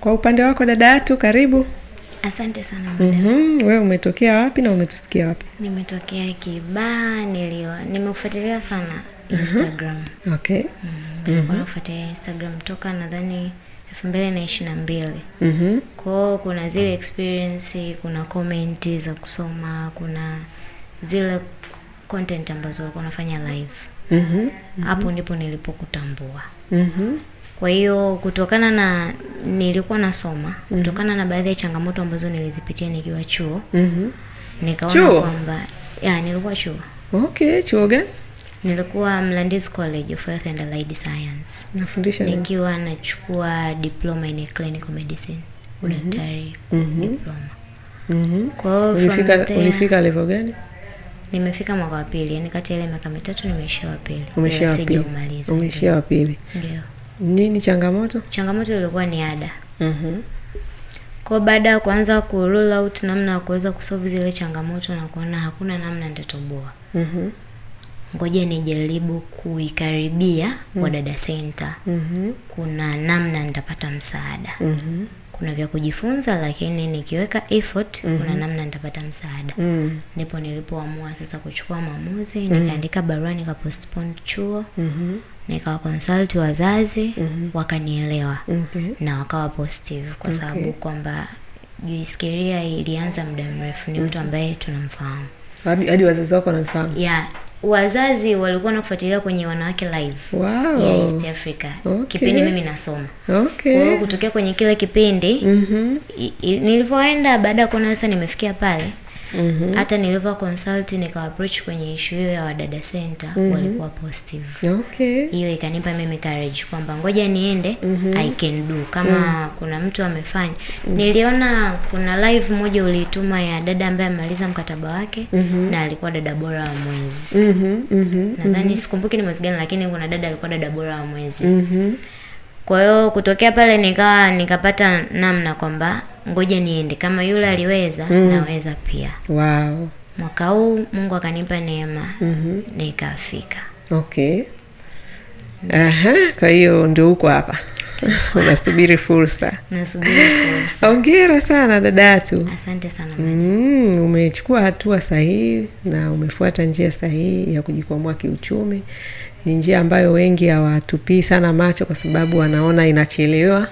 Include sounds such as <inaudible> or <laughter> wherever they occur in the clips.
Kwa upande wako dada karibu. Asante sana madam. Mhm. Mm -hmm. Wewe umetokea wapi na umetusikia wapi? Nimetokea kibaa niliwa nimekufuatilia sana mhm. Instagram. Uh -huh. Okay. Mm -hmm. Mm -hmm. Nafuatilia Instagram toka nadhani elfu mbili na ishirini na mbili. Mm -hmm. Kwao kuna zile experience, kuna comment za kusoma, kuna zile content ambazo walikuwa wanafanya live. Mm -hmm. Mm hapo -hmm. ndipo nilipokutambua. Mm -hmm. Kwa hiyo kutokana na nilikuwa nasoma mm -hmm. kutokana na baadhi ya changamoto ambazo nilizipitia nikiwa chuo mm -hmm. nikaona kwamba ya nilikuwa chuo. Okay, chuo gani? Nilikuwa mlandis College of Health and Allied Science. Nafundisha nini? Nikiwa nachukua diploma in clinical medicine. Udaktari mhm. mm -hmm. diploma. Mm -hmm. Kwa hiyo ulifika ulifika level gani? Nimefika mwaka wa pili, yani kati ya ile miaka mitatu nimeishia wa pili. Umeishia wa pili. Umeishia wa pili. Ndio. Nini changamoto? Changamoto ilikuwa ni ada. Mm-hmm. Kwa baada ya kuanza ku roll out namna ya kuweza kusolve zile changamoto na kuona hakuna namna nitatoboa. Mm-hmm. Ngoja nijaribu kuikaribia mm-hmm. dada Center. Mm-hmm. Kuna namna nitapata msaada. Mm-hmm. Kuna vya kujifunza lakini nikiweka effort mm -hmm. kuna mhm. namna nitapata msaada. Mm -hmm. Ndipo nilipoamua sasa kuchukua maamuzi, mm -hmm. nikaandika barua, nikapostpone chuo. Mm -hmm nikawaconsult wazazi mm -hmm. wakanielewa mm -hmm. na wakawa positive kwa okay. sababu kwamba juiskeria ilianza muda mrefu, ni mtu mhm. ambaye tunamfahamu hadi wazazi wako wanamfahamu yeah wazazi walikuwa nakufuatilia kwenye wanawake live wow. ya East Africa okay. kipindi mimi nasoma okay. kwa hiyo kutokea kwenye kile kipindi mm -hmm. nilivyoenda baada ya kuona sasa nimefikia pale mm hata -hmm. nilivyo consult nikawa approach kwenye issue hiyo ya wadada center mm -hmm. walikuwa positive. Okay. Hiyo ikanipa mimi courage kwamba ngoja niende mm -hmm. I can do kama mm -hmm. kuna mtu amefanya. mm -hmm. Niliona kuna live moja uliituma ya dada ambaye amemaliza mkataba wake mm -hmm. na alikuwa dada bora wa mwezi. mm -hmm. mm -hmm. Nadhani mm-hmm. sikumbuki ni mwezi gani, lakini kuna dada alikuwa dada bora wa mwezi. mm -hmm. Kwa hiyo kutokea pale nikawa nikapata namna kwamba ngoja niende, kama yule aliweza mm. naweza pia. Wow. Mwaka huu Mungu akanipa neema mm -hmm. nikafika. Okay. Aha, kwa hiyo ndio huko hapa <laughs> unasubiri fursa. Nasubiri fursa. sana dadatu. Asante sana mm, umechukua hatua sahihi na umefuata njia sahihi ya kujikwamua kiuchumi ni njia ambayo wengi hawatupii sana macho kwa sababu wanaona inachelewa,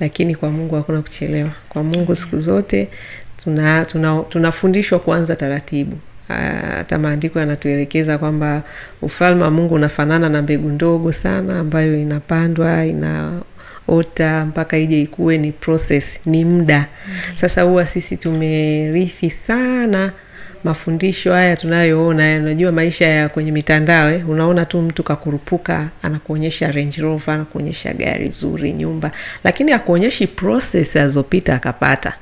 lakini kwa Mungu hakuna kuchelewa. Kwa Mungu siku zote tunafundishwa tuna, tuna kuanza taratibu. Ah, hata maandiko yanatuelekeza kwamba ufalme wa Mungu unafanana na mbegu ndogo sana ambayo inapandwa inaota mpaka ije ikuwe ni process, ni muda. Mm. Sasa huwa sisi tumerithi sana mafundisho haya tunayoona, unajua maisha ya kwenye mitandao eh, unaona tu mtu kakurupuka, anakuonyesha Range Rover, anakuonyesha gari zuri, nyumba, lakini akuonyeshi process alizopita akapata.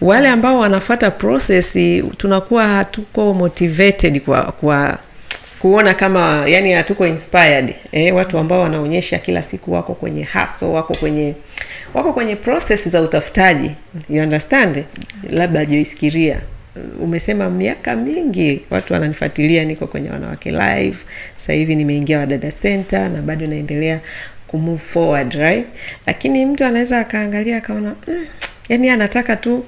Wale ambao wanafata prosesi tunakuwa hatuko motivated kwa, kwa kuona kama yani hatuko inspired eh, watu ambao wanaonyesha kila siku wako kwenye haso, wako kwenye wako kwenye process za utafutaji, you understand, labda Joyce Kiria umesema miaka mingi watu wananifuatilia, niko kwenye Wanawake Live, sasa hivi nimeingia Wadada Center na bado naendelea kumove forward right. Lakini mtu anaweza akaangalia akaona mm, yani anataka tu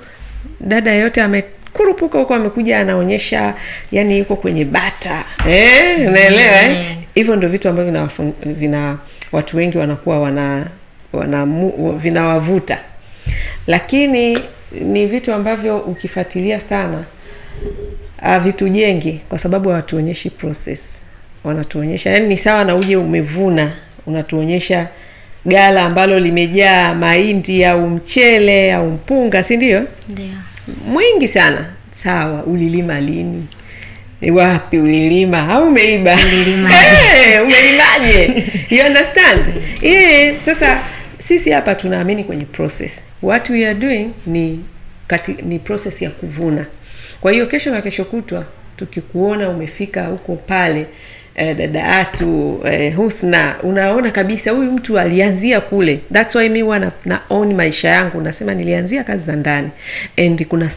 dada yote ame kurupuka huko amekuja anaonyesha yani yuko kwenye bata eh, unaelewa eh? Mm. Hivyo ndio vitu ambavyo vina, vina watu wengi wanakuwa wana, wana vinawavuta, lakini ni vitu ambavyo ukifuatilia sana havitujengi, ah, kwa sababu hawatuonyeshi process, wanatuonyesha yani ni sawa na uje umevuna, unatuonyesha gala ambalo limejaa mahindi au mchele au mpunga, si ndio? mwingi sana. Sawa, ulilima lini? Wapi ulilima? Au umeiba? <laughs> Umelimaje? understand? <laughs> Eh, sasa sisi hapa tunaamini kwenye process. What we are doing ni kati, ni process ya kuvuna. Kwa hiyo kesho na kesho kutwa tukikuona umefika huko pale eh, dada atu eh, Husna, unaona kabisa huyu mtu alianzia kule. That's why mimi na own maisha yangu, nasema nilianzia kazi za ndani and kuna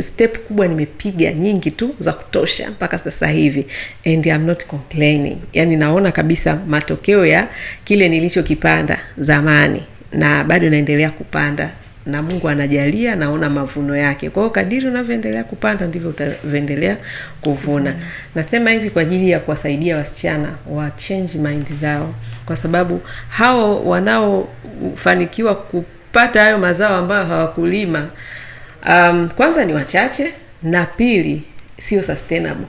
step kubwa nimepiga nyingi tu za kutosha mpaka sasa hivi and I'm not complaining yani naona kabisa matokeo ya kile nilichokipanda zamani na bado naendelea kupanda na mungu anajalia naona mavuno yake kwa hiyo kadiri unavyoendelea kupanda ndivyo utavyoendelea kuvuna mm. nasema hivi kwa ajili ya kuwasaidia wasichana wa change mind zao kwa sababu hao wanaofanikiwa kupata hayo mazao ambayo hawakulima um, kwanza ni wachache na pili sio sustainable.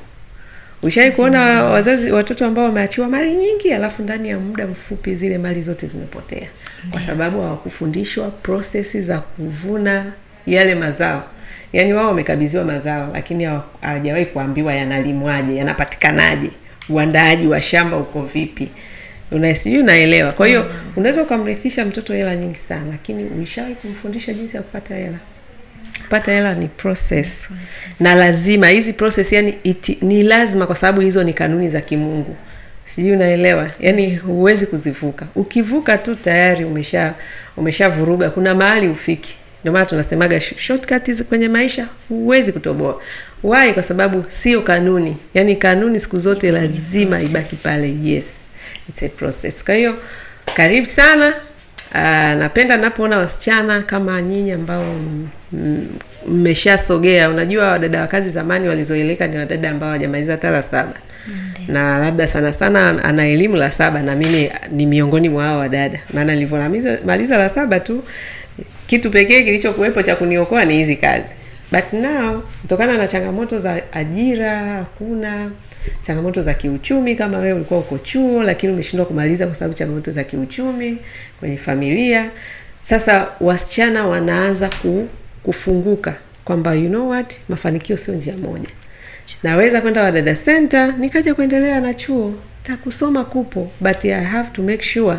Ushai kuona mm. wazazi watoto ambao wameachiwa mali nyingi, alafu ndani ya muda mfupi zile mali zote zimepotea kwa sababu hawakufundishwa prosesi za kuvuna yale mazao. Yaani wao wamekabidhiwa mazao, lakini hawajawahi kuambiwa yanalimwaje, yanapatikanaje, uandaaji wa shamba uko vipi. Unaisiu, unaelewa? Kwa hiyo mm. unaweza ukamrithisha mtoto hela nyingi sana, lakini ulishawahi kumfundisha jinsi ya kupata hela? kupata hela ni process. process na lazima hizi process yani iti, ni lazima kwa sababu hizo ni kanuni za kimungu sijui unaelewa yani huwezi kuzivuka ukivuka tu tayari umesha umeshavuruga kuna mahali ufiki ndio maana tunasemaga shortcut kwenye maisha huwezi kutoboa wai kwa sababu sio kanuni yani kanuni siku zote lazima ibaki pale yes it's a process kwa hiyo karibu sana Uh, napenda napoona wasichana kama nyinyi ambao mmeshasogea. Unajua, wadada wa kazi zamani walizoeleka ni wadada ambao hawajamaliza hata la saba na labda sana sana ana elimu la saba, na mimi ni miongoni mwa hao wadada, maana nilivyomaliza la saba tu kitu pekee kilichokuwepo cha kuniokoa ni hizi kazi, but now kutokana na changamoto za ajira hakuna changamoto za kiuchumi, kama wewe ulikuwa uko chuo lakini umeshindwa kumaliza kwa sababu changamoto za kiuchumi kwenye familia. Sasa wasichana wanaanza ku, kufunguka kwamba you know what, mafanikio sio njia moja, naweza kwenda Wadada Center nikaja kuendelea na chuo takusoma kupo, but I have to make sure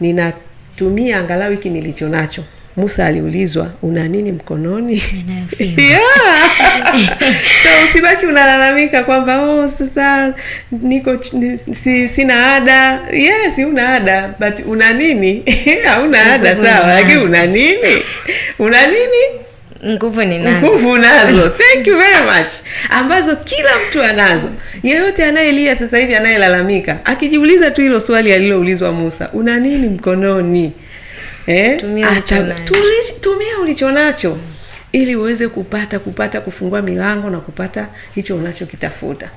ninatumia angalau hiki nilicho nacho Musa aliulizwa una nini mkononi? <laughs> So usibaki unalalamika kwamba oh, sasa niko si, sina ada. Yes, una ada but una nini? <laughs> hauna ada sawa, lakini una nini? una nini? nguvu ninazo, nguvu <laughs> Thank you very much, ambazo kila mtu anazo. Yeyote anayelia sasa hivi, anayelalamika, akijiuliza tu hilo swali aliloulizwa Musa, una nini mkononi? eh, ah, tumia ulicho nacho ili uweze kupata kupata kufungua milango na kupata hicho unachokitafuta.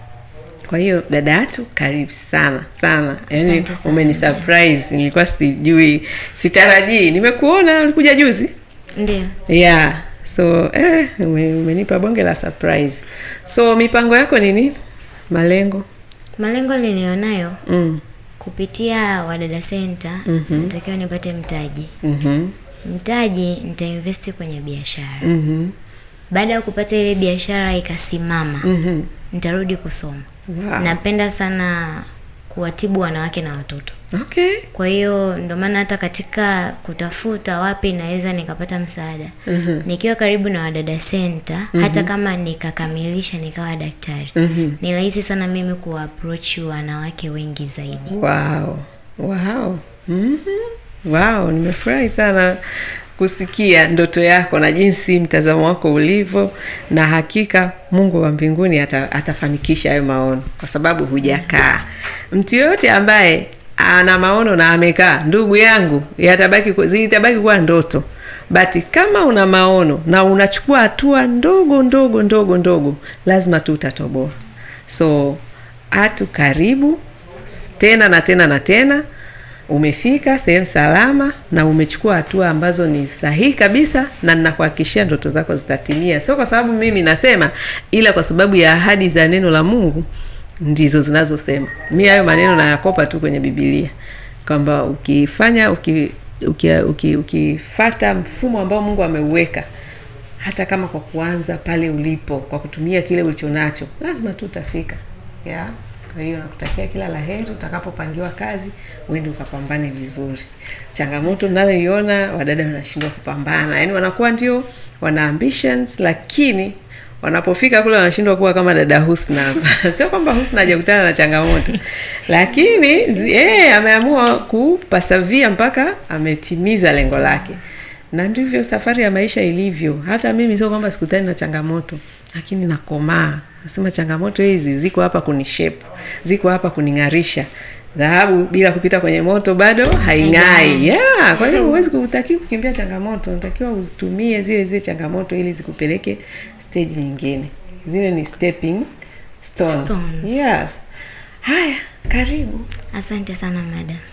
Kwa hiyo dada yatu karibu sana sana, yani umeni surprise. Nilikuwa sijui, sitarajii. Nimekuona ulikuja juzi, ndio yeah. So eh, umenipa bonge la surprise. So mipango yako ni nini? Malengo, malengo nilionayo mm kupitia Wadada Center mm -hmm. natakiwa nipate mtaji mm -hmm. mtaji nitainvesti kwenye biashara mm -hmm. baada ya kupata ile biashara ikasimama mm -hmm. nitarudi kusoma wow. napenda sana kuwatibu wanawake na watoto. Okay. Kwa hiyo ndio maana hata katika kutafuta wapi naweza nikapata msaada. uh-huh. Nikiwa karibu na Wadada Center, uh-huh. hata kama nikakamilisha nikawa daktari. uh-huh. Ni rahisi sana mimi kuwaapproach wanawake wengi zaidi. Wow. Wow. Mm-hmm. Wow, nimefurahi sana kusikia ndoto yako na jinsi mtazamo wako ulivyo, na hakika Mungu wa mbinguni ata, atafanikisha hayo maono kwa sababu hujakaa. mm mtu yoyote ambaye ana maono na amekaa, ndugu yangu, yatabaki zitabaki kuwa ndoto. But kama una maono na unachukua hatua ndogo ndogo ndogo ndogo, lazima tu utatoboa. So hatu karibu tena na tena na tena, umefika sehemu salama na umechukua hatua ambazo ni sahihi kabisa, na ninakuhakikishia ndoto zako zitatimia, sio kwa sababu mimi nasema, ila kwa sababu ya ahadi za neno la Mungu ndizo zinazosema. Mi hayo maneno nayakopa tu kwenye bibilia kwamba ukifanya uki, uki, uki, ukifata mfumo ambao Mungu ameuweka hata kama kwa kuanza pale ulipo kwa kutumia kile ulichonacho, lazima tu utafika yeah. Kwa hiyo nakutakia kila la heri utakapopangiwa kazi, uende ukapambane vizuri. Changamoto nayoiona wadada wanashindwa kupambana, yaani wanakuwa ndio wana ambitions lakini wanapofika kule wanashindwa kuwa kama dada Husna hapa. <laughs> Sio kwamba Husna hajakutana na changamoto, lakini eh, ameamua kupasavia mpaka ametimiza lengo lake, na ndivyo safari ya maisha ilivyo. Hata mimi sio kwamba sikutani na changamoto, lakini nakomaa, nasema changamoto hizi ziko hapa kunishep ziko hapa kuning'arisha dhahabu bila kupita kwenye moto bado haing'ai. Yeah, kwa hiyo <laughs> huwezi kutaki kukimbia changamoto, unatakiwa uzitumie zile zile changamoto ili zikupeleke stage nyingine. Zile ni stepping stone. Stones. Yes. Haya, karibu. Asante sana madam.